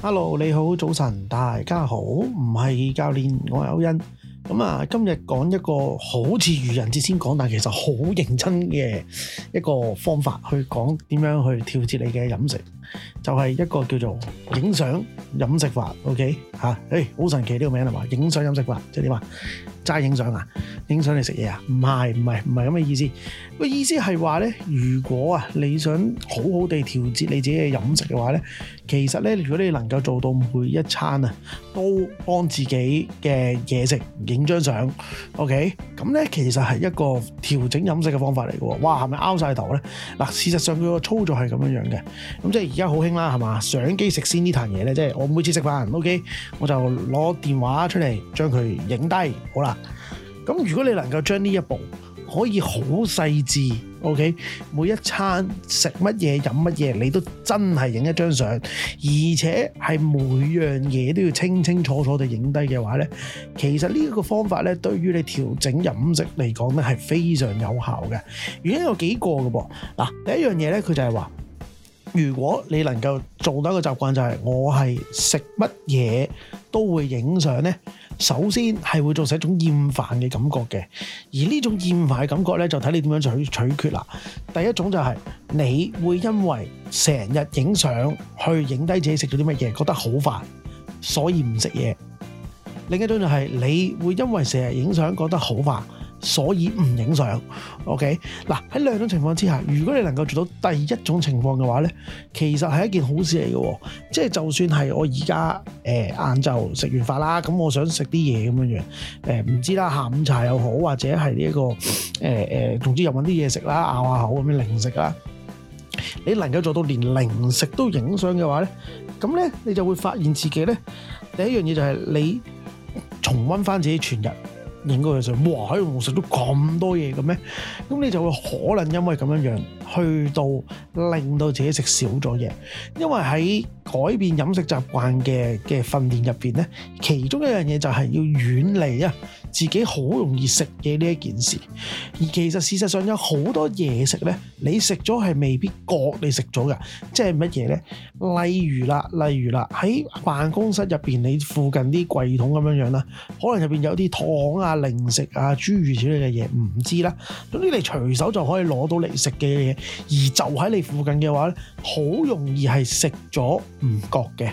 hello，你好，早晨，大家好，唔係教練，我係歐欣。咁啊，今日講一個好似愚人節先講，但其實好認真嘅一個方法，去講點樣去調節你嘅飲食，就係一個叫做影相飲食法，OK 吓，誒，好神奇呢個名係嘛？影相飲食法，即係點啊？齋影相啊。影相嚟食嘢啊？唔係，唔係，唔係咁嘅意思。個意思係話呢，如果啊你想好好地調節你自己嘅飲食嘅話呢，其實呢，如果你能夠做到每一餐啊都幫自己嘅嘢食影張相，OK，咁呢，其實係一個調整飲食嘅方法嚟嘅喎。哇，係咪拗晒頭呢？嗱，事實上佢個操作係咁樣樣嘅。咁即係而家好興啦，係嘛？相機食先呢單嘢呢？即係我每次食飯，OK，我就攞電話出嚟將佢影低，好啦。咁如果你能夠將呢一步可以好細緻，OK，每一餐食乜嘢飲乜嘢，你都真係影一張相，而且係每樣嘢都要清清楚楚地影低嘅話呢，其實呢個方法呢，對於你調整飲食嚟講呢，係非常有效嘅。原因有幾個嘅噃，嗱，第一樣嘢呢，佢就係話，如果你能夠做到一個習慣，就係我係食乜嘢都會影相呢。首先係會造成一種厭煩嘅感覺嘅，而呢種厭煩嘅感覺咧，就睇你點樣取取決啦。第一種就係你會因為成日影相去影低自己食咗啲乜嘢，覺得好煩，所以唔食嘢。另一種就係你會因為成日影相覺得好煩。所以唔影相，OK？嗱，喺兩種情況之下，如果你能夠做到第一種情況嘅話咧，其實係一件好事嚟嘅喎，即係就算係我而家誒晏晝食完飯啦，咁我想食啲嘢咁樣樣，誒、呃、唔知啦，下午茶又好，或者係呢一個誒誒、呃，總之又揾啲嘢食啦，咬下口咁樣零食啦，你能夠做到連零食都影相嘅話咧，咁咧你就會發現自己咧第一樣嘢就係你重溫返自己全日。影嗰個相，哇！喺度食咗咁多嘢嘅咩？咁你就會可能因為咁樣樣。去到令到自己食少咗嘢，因為喺改變飲食習慣嘅嘅訓練入邊呢，其中一樣嘢就係要遠離啊自己好容易食嘢呢一件事。而其實事實上有好多嘢食呢，你食咗係未必覺你食咗嘅，即係乜嘢呢？例如啦，例如啦，喺辦公室入邊你附近啲櫃桶咁樣樣啦，可能入邊有啲糖啊、零食啊、豬肉之類嘅嘢唔知啦，總之你隨手就可以攞到嚟食嘅嘢。而就喺你附近嘅話咧，好容易係食咗唔覺嘅，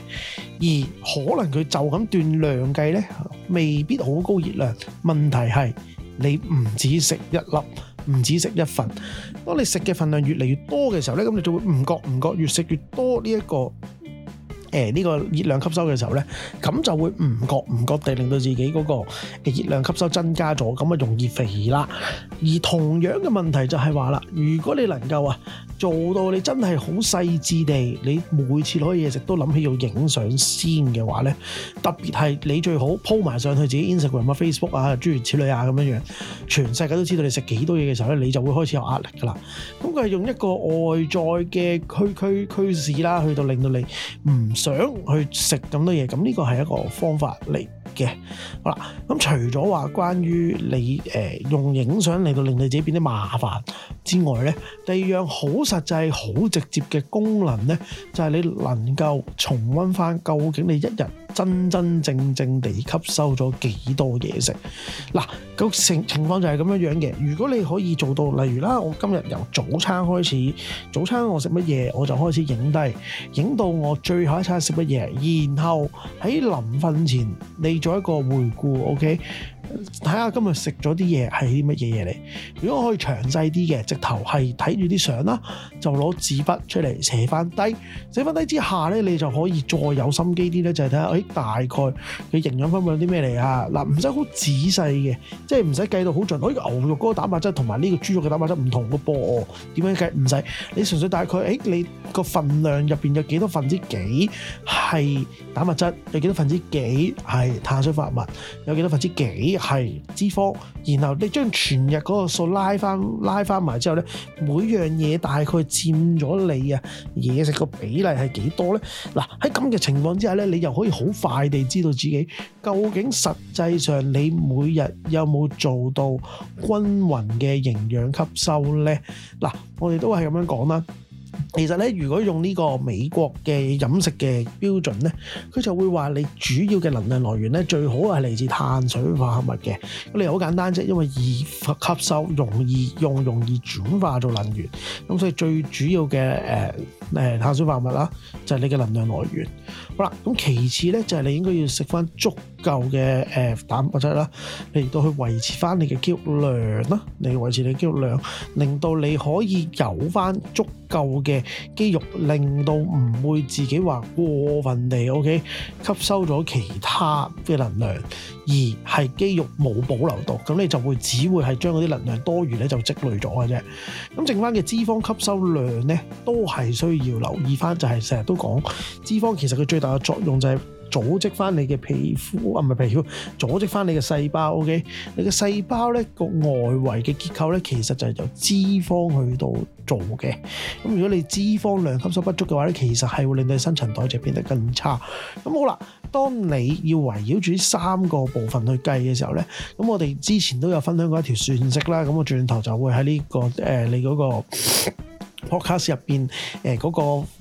而可能佢就咁斷量計呢，未必好高熱量。問題係你唔止食一粒，唔止食一份。當你食嘅份量越嚟越多嘅時候呢，咁你就會唔覺唔覺越食越多呢、這、一個。誒、這、呢個熱量吸收嘅時候呢，咁就會唔覺唔覺地令到自己嗰個熱量吸收增加咗，咁啊容易肥啦。而同樣嘅問題就係話啦，如果你能夠啊做到你真係好細緻地，你每次攞嘢食都諗起要影相先嘅話呢，特別係你最好鋪埋上去自己 Instagram 啊、Facebook 啊，諸如此類啊咁樣樣，全世界都知道你食幾多嘢嘅時候呢，你就會開始有壓力噶啦。咁佢係用一個外在嘅驅驅驅使啦，去到令到你唔～想去食咁多嘢，咁呢個係一個方法嚟嘅。好啦，咁除咗話關於你、呃、用影相嚟到令你自己變得麻煩之外呢，第二樣好實際、好直接嘅功能呢，就係、是、你能夠重溫返究竟你一日真真正正地吸收咗幾多嘢食嗱，個情情況就係咁樣樣嘅。如果你可以做到，例如啦，我今日由早餐開始，早餐我食乜嘢我就開始影低，影到我最後一餐食乜嘢，然後喺臨瞓前你做一個回顧，OK。睇下今日食咗啲嘢係啲乜嘢嘢嚟？如果可以詳細啲嘅，直頭係睇住啲相啦，就攞紙筆出嚟寫翻低。寫翻低之下咧，你就可以再有心機啲咧，就係睇下，誒大概佢營養分佈有啲咩嚟啊？嗱，唔使好仔細嘅，即係唔使計到好盡。我呢牛肉嗰個蛋白質同埋呢個豬肉嘅蛋白質唔同嘅噃，點樣計？唔使，你純粹大概，誒、哎、你個份量入邊有幾多分之幾係蛋白質，有幾多分之幾係碳水化合物，有幾多分之幾。係脂肪，然後你將全日嗰個數拉翻拉翻埋之後呢，每樣嘢大概佔咗你啊嘢食個比例係幾多呢？嗱，喺咁嘅情況之下呢，你又可以好快地知道自己究竟實際上你每日有冇做到均勻嘅營養吸收呢？嗱，我哋都係咁樣講啦。其實咧，如果用呢個美國嘅飲食嘅標準呢，佢就會話你主要嘅能量來源呢，最好係嚟自碳水化合物嘅。咁理由好簡單啫，因為易吸收、容易用、容易轉化做能源。咁所以最主要嘅、呃呃、碳水化合物啦，就係、是、你嘅能量來源。好啦，咁其次呢，就係、是、你應該要食翻足。夠嘅誒蛋白質啦，嚟到去維持翻你嘅肌肉量啦，嚟維持你肌肉量，令到你可以有翻足夠嘅肌肉，令到唔會自己話過分地 OK 吸收咗其他嘅能量，而係肌肉冇保留到，咁你就會只會係將嗰啲能量多餘咧就積累咗嘅啫。咁剩翻嘅脂肪吸收量咧，都係需要留意翻，就係成日都講脂肪其實佢最大嘅作用就係、是。組織翻你嘅皮膚啊，唔係皮膚，組織翻你嘅細胞。OK，你嘅細胞咧，個外圍嘅結構咧，其實就係由脂肪去到做嘅。咁如果你脂肪量吸收不足嘅話咧，其實係會令到你新陳代謝變得更差。咁好啦，當你要圍繞住呢三個部分去計嘅時候咧，咁我哋之前都有分享過一條算式啦。咁我轉頭就會喺呢、呢個、呃、你嗰個 Podcast 入邊，嗰、呃嗰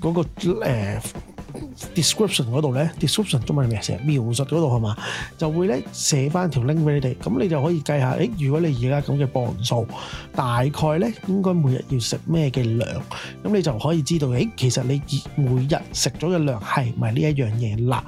個嗰、嗰個呃 description 嗰度咧，description 中文係咩？成日描述嗰度係嘛，就會咧寫翻條 link 俾你哋，咁你就可以計下，誒、欸，如果你而家咁嘅磅數，大概咧應該每日要食咩嘅量，咁你就可以知道，誒、欸，其實你每日食咗嘅量係唔係呢一樣嘢啦？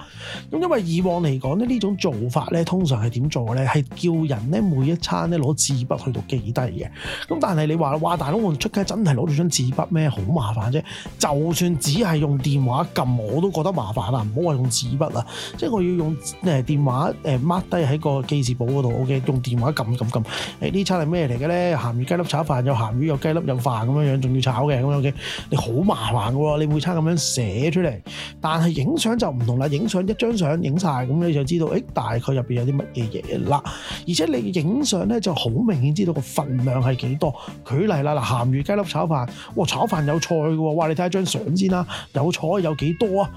咁因為以往嚟講咧，呢種做法咧，通常係點做咧？係叫人咧每一餐咧攞紙筆去度記低嘅。咁但係你話哇大佬我出街真係攞住張紙筆咩？好麻煩啫！就算只係用電話撳我都。覺得麻煩啊，唔好話用紙筆啊，即係我要用誒、呃、電話誒 mark 低喺個記事簿嗰度。O、OK? K，用電話撳撳撳。誒、哎、呢餐係咩嚟嘅咧？鹹魚雞粒炒飯，有鹹魚、有雞粒、有飯咁樣樣，仲要炒嘅咁樣嘅。OK? 你好麻煩嘅喎，你每餐咁樣寫出嚟，但係影相就唔同啦。影相一張相影晒，咁你就知道，誒，大概入邊有啲乜嘢嘢啦。而且你影相咧，就好明顯知道個份量係幾多。舉例啦，嗱，鹹魚雞粒炒飯，哇！炒飯有菜嘅喎，哇！你睇下張相先啦，有菜有幾多啊？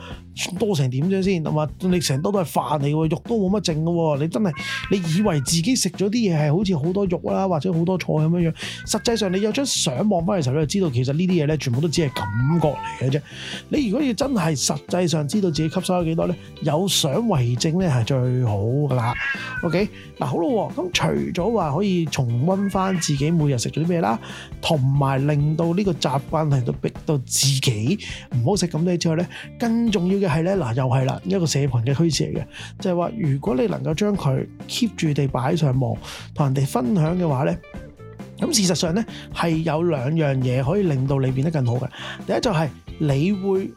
多成點啫先，同埋你成堆都係飯嚟喎，肉都冇乜剩嘅。你真係，你以為自己食咗啲嘢係好似好多肉啦、啊，或者好多菜咁樣樣。實際上你有張相望翻嘅時候，你就知道其實呢啲嘢咧，全部都只係感覺嚟嘅啫。你如果要真係實際上知道自己吸收咗幾多咧，有相為證咧係最好噶啦。OK，嗱好喎。咁除咗話可以重温翻自己每日食咗啲咩啦，同埋令到呢個習慣係度逼到自己唔好食咁多之後咧，跟住。重要嘅係咧，嗱又係啦，一個社群嘅虛擬嚟嘅，就係話如果你能夠將佢 keep 住地擺上網，同人哋分享嘅話咧，咁事實上咧係有兩樣嘢可以令到你變得更好嘅。第一就係你會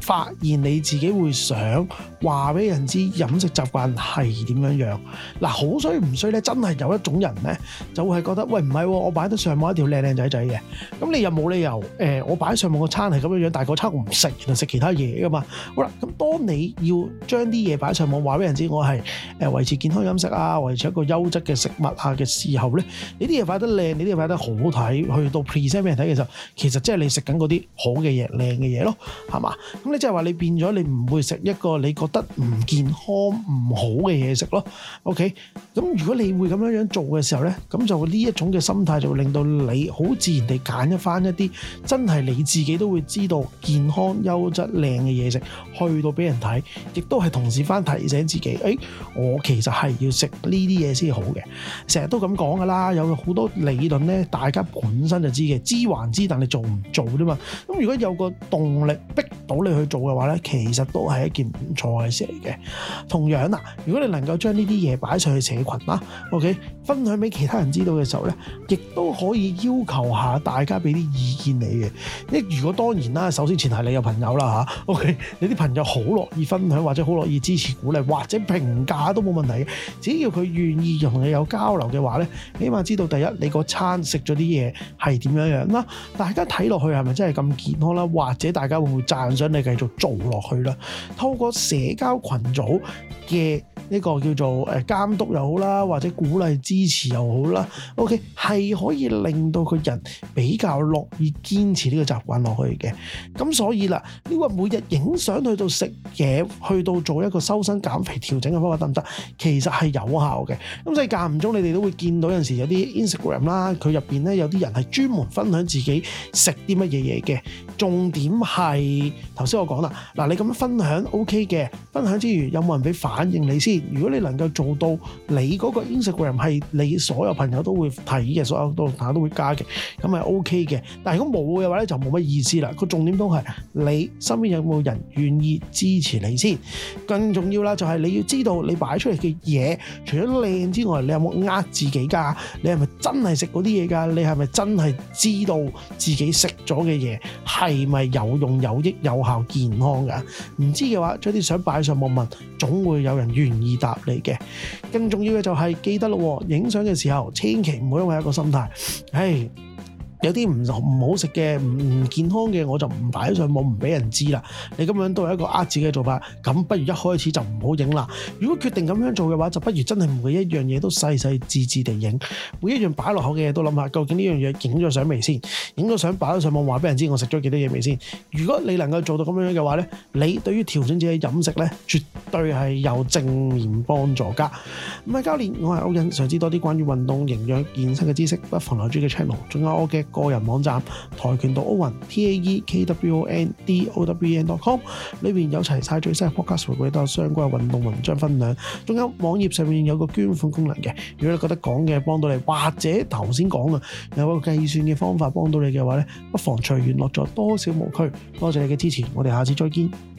發現你自己會想話俾人知飲食習慣係點樣樣嗱，好衰唔衰咧？真係有一種人咧，就會係覺得喂唔係喎，我擺得上網一條靚靚仔仔嘅，咁你又冇理由誒、呃，我擺上網個餐係咁樣樣，但個餐我唔食，然後食其他嘢噶嘛？好啦，咁當你要將啲嘢擺上網話俾人知，我係誒維持健康飲食啊，維持一個優質嘅食物啊嘅時候咧，你啲嘢擺得靚，你啲嘢擺得好睇，去到 present 俾人睇嘅時候，其實即係你食緊嗰啲好嘅嘢、靚嘅嘢咯，係嘛？咁你即係話你變咗你唔會食一個你覺得唔健康唔好嘅嘢食咯，OK？咁如果你會咁樣樣做嘅時候呢，咁就呢一種嘅心態就會令到你好自然地揀一翻一啲真係你自己都會知道健康、優質、靚嘅嘢食，去到俾人睇，亦都係同時翻提醒自己，誒、哎，我其實係要食呢啲嘢先好嘅。成日都咁講㗎啦，有好多理論呢，大家本身就知嘅，知還知，但你做唔做啫嘛。咁如果有個動力逼到你。去做嘅話咧，其實都係一件唔錯嘅事嚟嘅。同樣啊，如果你能夠將呢啲嘢擺上去社群啦，OK，分享俾其他人知道嘅時候咧，亦都可以要求下大家俾啲意見你嘅。一如果當然啦，首先前提你有朋友啦吓，OK，你啲朋友好樂意分享或者好樂意支持鼓勵或者評價都冇問題嘅，只要佢願意同你有交流嘅話咧，起碼知道第一你個餐食咗啲嘢係點樣樣啦，大家睇落去係咪真係咁健康啦？或者大家會唔會讚賞你？繼續做落去啦，透過社交群組嘅。呢個叫做誒監督又好啦，或者鼓勵支持又好啦，OK 係可以令到個人比較樂意堅持呢個習慣落去嘅。咁所以啦，呢個每日影相去到食嘢，去到做一個修身減肥調整嘅方法得唔得？其實係有效嘅。咁所以間唔中你哋都會見到有陣時有啲 Instagram 啦，佢入邊咧有啲人係專門分享自己食啲乜嘢嘢嘅。重點係頭先我講啦，嗱你咁樣分享 OK 嘅，分享之餘有冇人俾反應你先？如果你能夠做到你嗰個 Instagram 係你所有朋友都會睇嘅，所有都朋友都會加嘅，咁咪 OK 嘅。但係如果冇嘅話咧，就冇乜意思啦。個重點都係你身邊有冇人願意支持你先。更重要啦，就係你要知道你擺出嚟嘅嘢，除咗靚之外，你有冇呃自己㗎？你係咪真係食嗰啲嘢㗎？你係咪真係知道自己食咗嘅嘢係咪有用、有益、有效、健康㗎？唔知嘅話，將啲相擺上網問，總會有人願意。二答嚟嘅，更重要嘅就係、是、記得咯，影相嘅時候千祈唔好因為一個心態，唉。有啲唔唔好食嘅唔唔健康嘅我就唔擺喺上網唔俾人知啦。你咁樣都係一個呃自己嘅做法，咁不如一開始就唔好影啦。如果決定咁樣做嘅話，就不如真係每一樣嘢都細細緻緻地影，每一樣擺落口嘅嘢都諗下，究竟呢樣嘢影咗相未先，影咗相擺咗上網話俾人知我食咗幾多嘢未先。如果你能夠做到咁樣嘅話呢，你對於調整自己飲食呢，絕對係有正面幫助噶。唔係教練，我係 Owen，想知多啲關於運動營養健身嘅知識，不妨留住嘅 channel，仲有我嘅。個人網站跆拳道歐雲 T A E K W O N D O W E N dot com，裏邊有齊曬最新 Podcast，同埋都係相關運動文章分享，仲有網頁上面有個捐款功能嘅。如果你覺得講嘅幫到你，或者頭先講嘅有個計算嘅方法幫到你嘅話咧，不妨隨緣落咗多少無區，多謝你嘅支持，我哋下次再見。